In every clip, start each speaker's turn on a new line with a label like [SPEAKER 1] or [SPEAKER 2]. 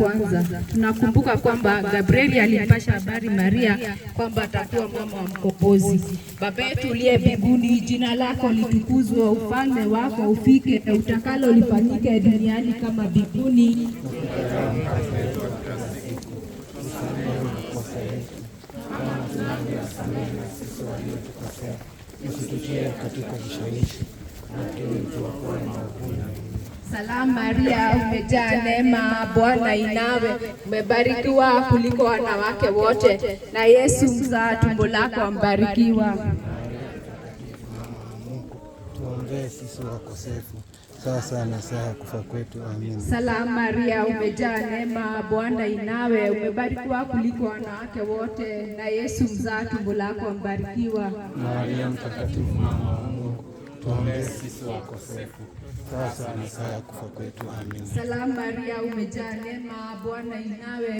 [SPEAKER 1] Kwanza tunakumbuka kwamba Gabrieli alimpasha habari Maria kwamba atakuwa mama wa mkombozi. Baba yetu uliye mbinguni, jina lako litukuzwe, ufalme wako ufike, utakalo lifanyike duniani kama mbinguni.
[SPEAKER 2] Usitutie katika
[SPEAKER 1] Salamu Maria, umejaa neema, Bwana inawe, umebarikiwa kuliko wanawake wote, na Yesu mzaa tumbo lako ambarikiwa.
[SPEAKER 2] Tuombee sisi wakosefu sasa na saa kufa kwetu. Amina.
[SPEAKER 1] Salamu Maria, umejaa neema, Bwana inawe, umebarikiwa kuliko wanawake wote, na Yesu mzaa tumbo lako ambarikiwa.
[SPEAKER 2] Maria mtakatifu mama Tuombee sisi wakosefu sasa na saa ya kufa kwetu. Amina.
[SPEAKER 1] Salamu Maria, umejaa neema, Bwana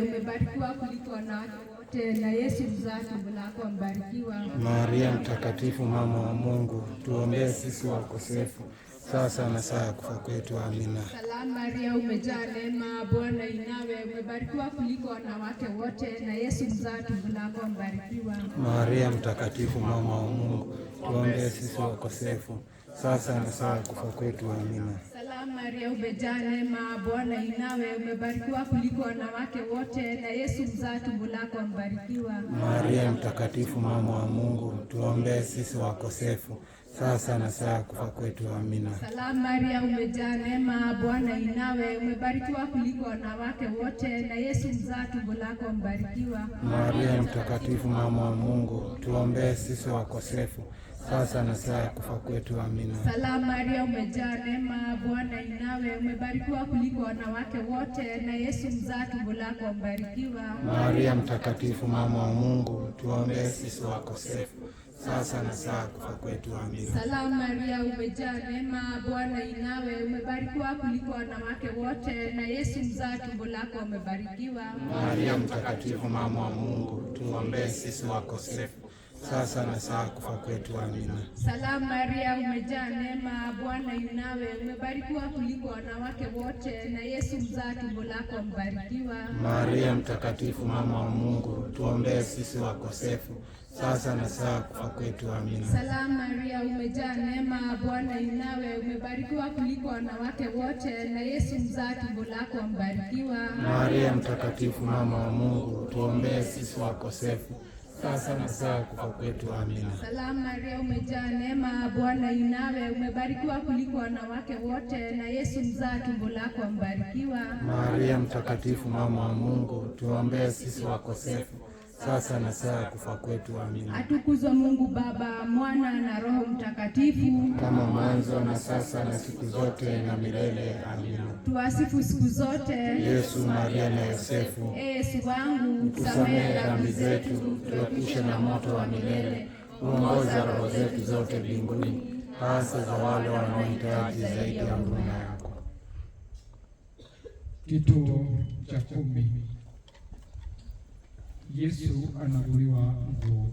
[SPEAKER 1] umebarikiwa kuliko wanawake wote na Yesu tumbo lako
[SPEAKER 2] Maria mtakatifu, mama wa Mungu, tuombee sisi wakosefu sasa na saa ya kufa kwetu. Amina.
[SPEAKER 1] Salamu Maria, umejaa neema, Bwana umebarikiwa kuliko wanawake wote na Yesu tumbo lako
[SPEAKER 2] Maria mtakatifu, mama wa Mungu, tuombee sisi wakosefu sasa na saa kufa kwetu. Amina.
[SPEAKER 1] Salamu Maria, umejaa neema, Bwana inawe, umebarikiwa kuliko wanawake wote, na Yesu mzaa tumbo lako amebarikiwa.
[SPEAKER 2] Maria mtakatifu, mama wa Mungu, tuombee sisi wakosefu sasa na saa kufa kwetu. Amina.
[SPEAKER 1] Salamu Maria, umejaa neema, Bwana inawe, umebarikiwa kuliko wanawake wote, na Yesu mzaa tumbo lako ambarikiwa.
[SPEAKER 2] Maria mtakatifu, mama wa Mungu, tuombee sisi wakosefu sasa na saa ya kufa kwetu. Amina.
[SPEAKER 1] Salamu Maria, umejaa neema, Bwana inawe, umebarikiwa kuliko wanawake wote, na Yesu mzaa tumbo lako amebarikiwa.
[SPEAKER 2] Maria Mtakatifu, mama wa Mungu, tuombee sisi wakosefu sasa na saa kufa kwetu. Amina.
[SPEAKER 1] Salamu Maria, umejaa neema, Bwana inawe, umebarikiwa kuliko wanawake wote, na Yesu mzaa tumbo lako amebarikiwa.
[SPEAKER 2] Maria Mtakatifu, mama wa Mungu, tuombee sisi wakosefu sasa na saa kufa kwetu. Amina.
[SPEAKER 1] Salamu Maria, umejaa neema, Bwana yunawe, umebarikiwa kuliko wanawake wote, na Yesu mzaa tumbo lako mbarikiwa.
[SPEAKER 2] Maria mtakatifu, mama wa Mungu, tuombee sisi wakosefu sasa na saa kufa kwetu. Amina.
[SPEAKER 1] Salamu Maria, umejaa neema, Bwana yunawe, umebarikiwa kuliko wanawake wote, na Yesu mzaa tumbo lako mbarikiwa.
[SPEAKER 2] Maria mtakatifu, mama wa Mungu, tuombee sisi wakosefu sasa na saa kufa kwetu. Amina.
[SPEAKER 1] Salamu Maria, umejaa neema, Bwana inawe umebarikiwa kuliko wanawake wote, na Yesu mzaa tumbo lako ambarikiwa.
[SPEAKER 2] Maria mtakatifu, mama wa Mungu, tuombee sisi wakosefu sasa na saa ya kufa kwetu. Amina.
[SPEAKER 1] Atukuzwe Mungu Baba, Mwana na Roho Mtakatifu,
[SPEAKER 2] kama mwanzo na sasa na siku zote na milele. Amina.
[SPEAKER 1] Tuwasifu siku zote
[SPEAKER 2] Yesu, Maria na Yosefu.
[SPEAKER 1] Yesu wangu,
[SPEAKER 2] tusamehe dhambi zetu, tuepushe na moto wa milele, uongoza roho zetu zote mbinguni, hasa za wale wanaohitaji zaidi ya huruma yako.
[SPEAKER 3] Kituo cha kumi. Yesu anavuliwa nguo.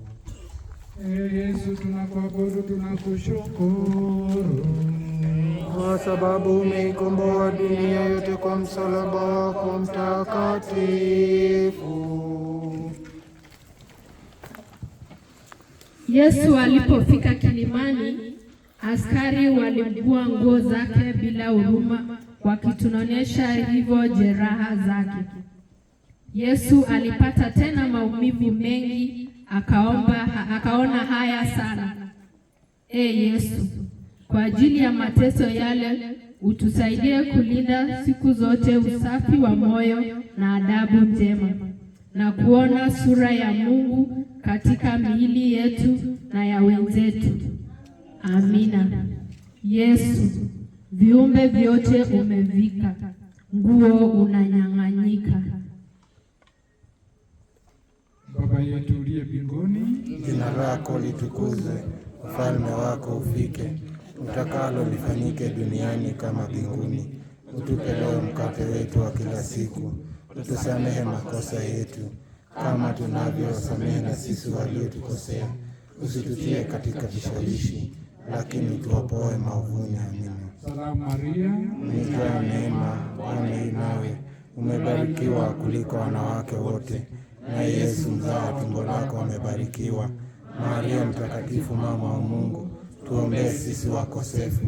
[SPEAKER 3] Ee Yesu, tunakuabudu, tunakushukuru kwa sababu umeikomboa dunia yote kwa msalaba wako mtakatifu.
[SPEAKER 1] Yesu alipofika kilimani, askari walimvua nguo zake bila huruma, wakitunaonyesha hivyo jeraha zake. Yesu alipata tena maumivu mengi, akaomba, akaona haya sana. E Yesu, kwa ajili ya mateso yale utusaidie kulinda siku zote usafi wa moyo na adabu njema na kuona sura ya Mungu katika miili yetu na ya wenzetu. Amina. Yesu, viumbe vyote umevika, nguo unanyang'anyika
[SPEAKER 3] hiyo tuuliye mbinguni,
[SPEAKER 2] jina lako litukuzwe, ufalme wako ufike, utakalo lifanyike duniani kama mbinguni. Utupe leo mkate wetu wa kila siku, utusamehe makosa yetu kama tunavyowasamehe na sisi waliotukosea, usitutie katika vishawishi, lakini tuopoe maovuni. Amina.
[SPEAKER 3] Salamu Maria, umejaa neema, Bwana yu nawe, umebarikiwa kuliko wanawake wote na Yesu mzao wa tumbo lako amebarikiwa.
[SPEAKER 2] Maria mtakatifu, mama wa Mungu, tuombee sisi wakosefu,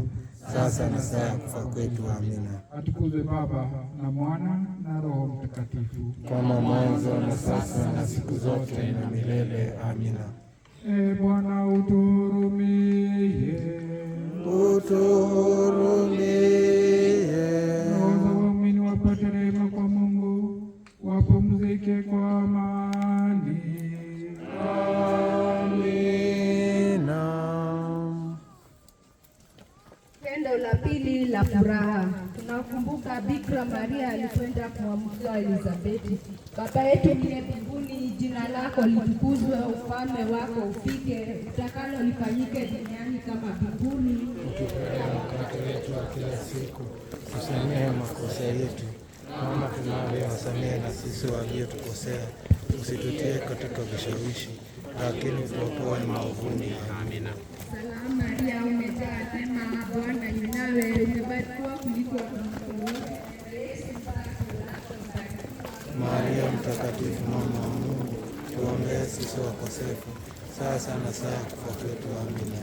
[SPEAKER 2] sasa na saa ya kufa kwetu. Amina.
[SPEAKER 3] Atukuzwe Baba na Mwana na Roho Mtakatifu,
[SPEAKER 2] kama mwanzo na sasa na siku zote na milele. Amina.
[SPEAKER 3] E Bwana, uturumie,
[SPEAKER 2] uturumie
[SPEAKER 1] Tendo la pili la furaha, tunakumbuka Bikira Maria alikwenda kumwamkia Elizabeti, baba yetu uliye mbinguni, jina lako litukuzwe, ufalme wako ufike, utakalo lifanyike duniani kama mbinguni.
[SPEAKER 2] Mkate wetu wa kila siku, tusamehe makosa yetu kama tunavyowasamehe na sisi waliotukosea, usitutie katika vishawishi, lakini tuopoe maovuni. Amina.
[SPEAKER 1] Salamu Maria, umejaa neema, Bwana umebarikiwa kuliko
[SPEAKER 2] Maria Mtakatifu, mama wa Mungu, tuombee sisi wakosefu, sasa na saa ya kufa kwetu. Amina.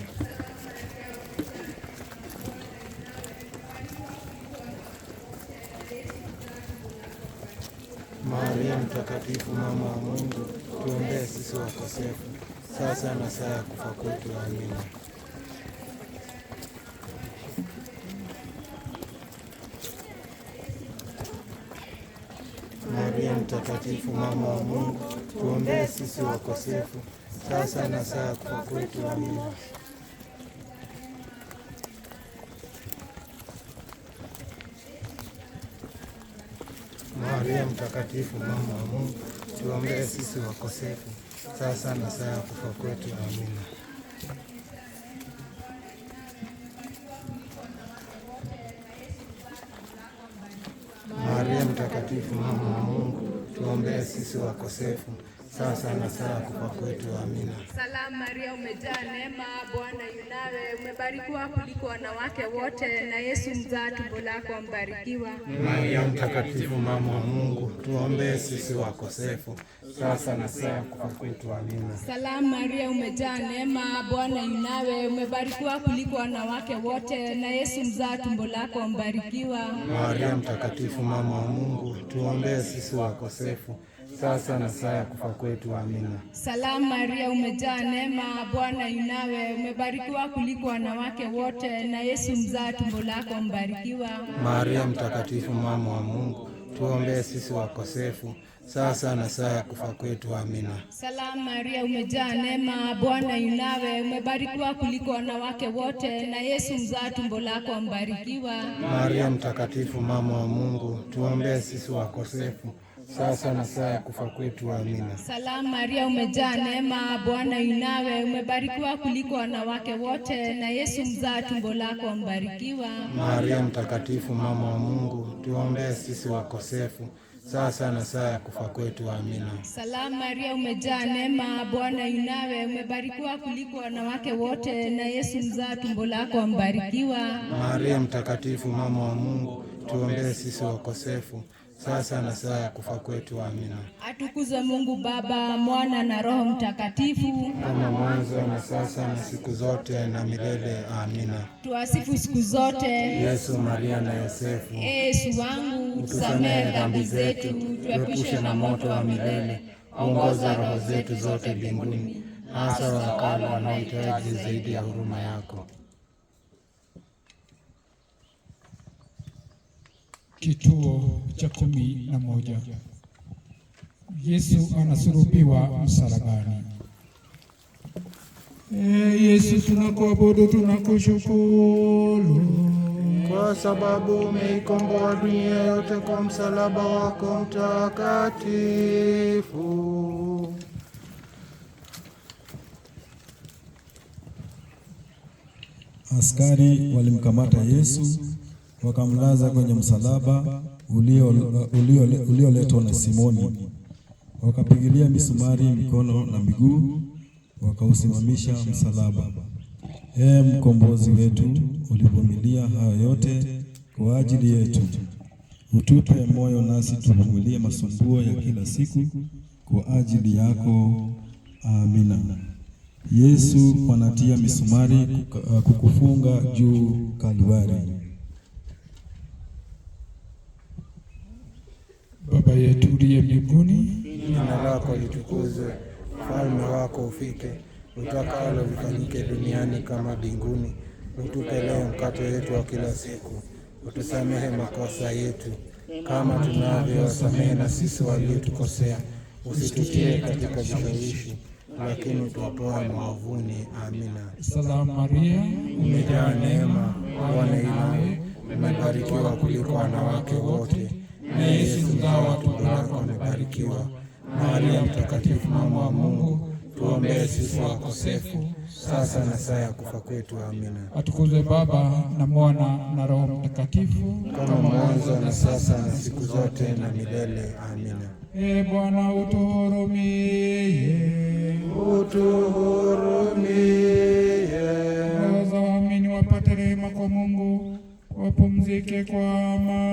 [SPEAKER 2] Maria Mtakatifu, mama wa Mungu, tuombee sisi wakosefu, sasa na saa ya kufa kwetu. Amina. Maria Mtakatifu, mama wa Mungu, tuombee sisi wakosefu, sasa na saa ya kufa kwetu. Amina. Maria Mtakatifu, mama wa Mungu, tuombee sisi wakosefu, sasa na saa ya kufa kwetu. Amina. Maria mtakatifu mama wa Mungu, tuombee sisi wakosefu sasa na saa kufa kwetu. Amina.
[SPEAKER 1] Salamu Maria, umejaa neema, Bwana yu nawe, umebarikiwa kuliko wanawake wote, na Yesu mzaa tumbo lako mbarikiwa.
[SPEAKER 2] Maria Mtakatifu, mama wa Mungu, tuombee sisi wakosefu, sasa na saa kufa kwetu. Amina.
[SPEAKER 1] Salamu Maria, umejaa neema, Bwana yu nawe, umebarikiwa kuliko wanawake wote, na Yesu mzaa tumbo lako mbarikiwa.
[SPEAKER 2] Maria Mtakatifu, mama wa Mungu, tuombee sisi wakosefu sasa na saa ya kufa kwetu. Amina.
[SPEAKER 1] Salamu Maria, umejaa neema, Bwana inawe, umebarikiwa kuliko wanawake wote, na Yesu mzaa tumbo lako mbarikiwa.
[SPEAKER 2] Maria mtakatifu, mama wa Mungu, tuombee sisi wakosefu sasa na saa ya kufa kwetu. Amina.
[SPEAKER 1] Salamu Maria, umejaa neema, Bwana inawe, umebarikiwa kuliko wanawake wote, na Yesu mzaa tumbo lako mbarikiwa.
[SPEAKER 2] Maria mtakatifu, mama wa Mungu, tuombee sisi wakosefu sasa na saa ya kufa kwetu. Amina.
[SPEAKER 1] Salamu Maria, umejaa neema, Bwana inawe, umebarikiwa kuliko wanawake wote, na Yesu mzaa tumbo lako ambarikiwa.
[SPEAKER 2] Maria Mtakatifu, mama wa Mungu, tuombee sisi wakosefu sasa na saa ya kufa kwetu. Amina.
[SPEAKER 1] Salamu Maria, umejaa neema, Bwana inawe, umebarikiwa kuliko wanawake wote, na Yesu mzaa tumbo lako ambarikiwa.
[SPEAKER 2] Maria Mtakatifu, mama wa Mungu, tuombee sisi wakosefu sasa na saa ya kufa kwetu. Amina.
[SPEAKER 1] atukuze Mungu Baba, Mwana na Roho Mtakatifu,
[SPEAKER 2] kama mwanzo na sasa na siku zote na milele. Amina.
[SPEAKER 1] Tuwasifu siku zote
[SPEAKER 2] Yesu, Maria na Yosefu.
[SPEAKER 1] Yesu wangu,
[SPEAKER 2] utusamehe dhambi zetu, tuepushe na moto wa milele, ongoza roho zetu zote mbinguni, hasa wakala wanaohitaji zaidi ya huruma yako.
[SPEAKER 3] Kituo cha kumi na moja. Yesu anasurupiwa msalabani. E Yesu, tunakuabudu tunakushukuru kwa sababu umeikomboa dunia yote kwa msalaba wako mtakatifu. Askari walimkamata Yesu wakamlaza kwenye msalaba ulioletwa ulio, ulio, na Simoni, wakapigilia misumari mikono na miguu, wakausimamisha msalaba. Ee mkombozi wetu, ulivumilia hayo yote kwa ajili yetu, utupe moyo nasi tuvumilie masumbuo ya kila siku kwa ajili yako. Amina. Yesu wanatia misumari kukufunga juu Kalvari. Baba yetu uliye mbinguni,
[SPEAKER 2] jina lako litukuzwe, ufalme wako ufike, utakalo lifanyike duniani kama mbinguni. Utupe leo mkate wetu wa kila siku, utusamehe makosa yetu kama tunavyowasamehe na sisi waliotukosea, usitutie katika vishawishi, lakini tuopoe maovuni. Amina.
[SPEAKER 3] Salamu Maria, umejaa neema, Bwana yu nawe, umebarikiwa kuliko wanawake wote na Yesu ingawa watu wako wamebarikiwa
[SPEAKER 2] Maria Mtakatifu, mama wa Mungu, tuombee sisi wakosefu sasa na saa ya kufa kwetu. Amina.
[SPEAKER 3] Atukuzwe Baba na Mwana na Roho Mtakatifu,
[SPEAKER 2] kama mwanzo na sasa na siku zote na milele. Amina.
[SPEAKER 3] E Bwana, utuhurumie,
[SPEAKER 2] utuhurumie,
[SPEAKER 3] waamini wapate rehema kwa Mungu wapumzike kwa amani.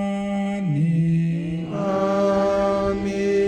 [SPEAKER 2] Amen.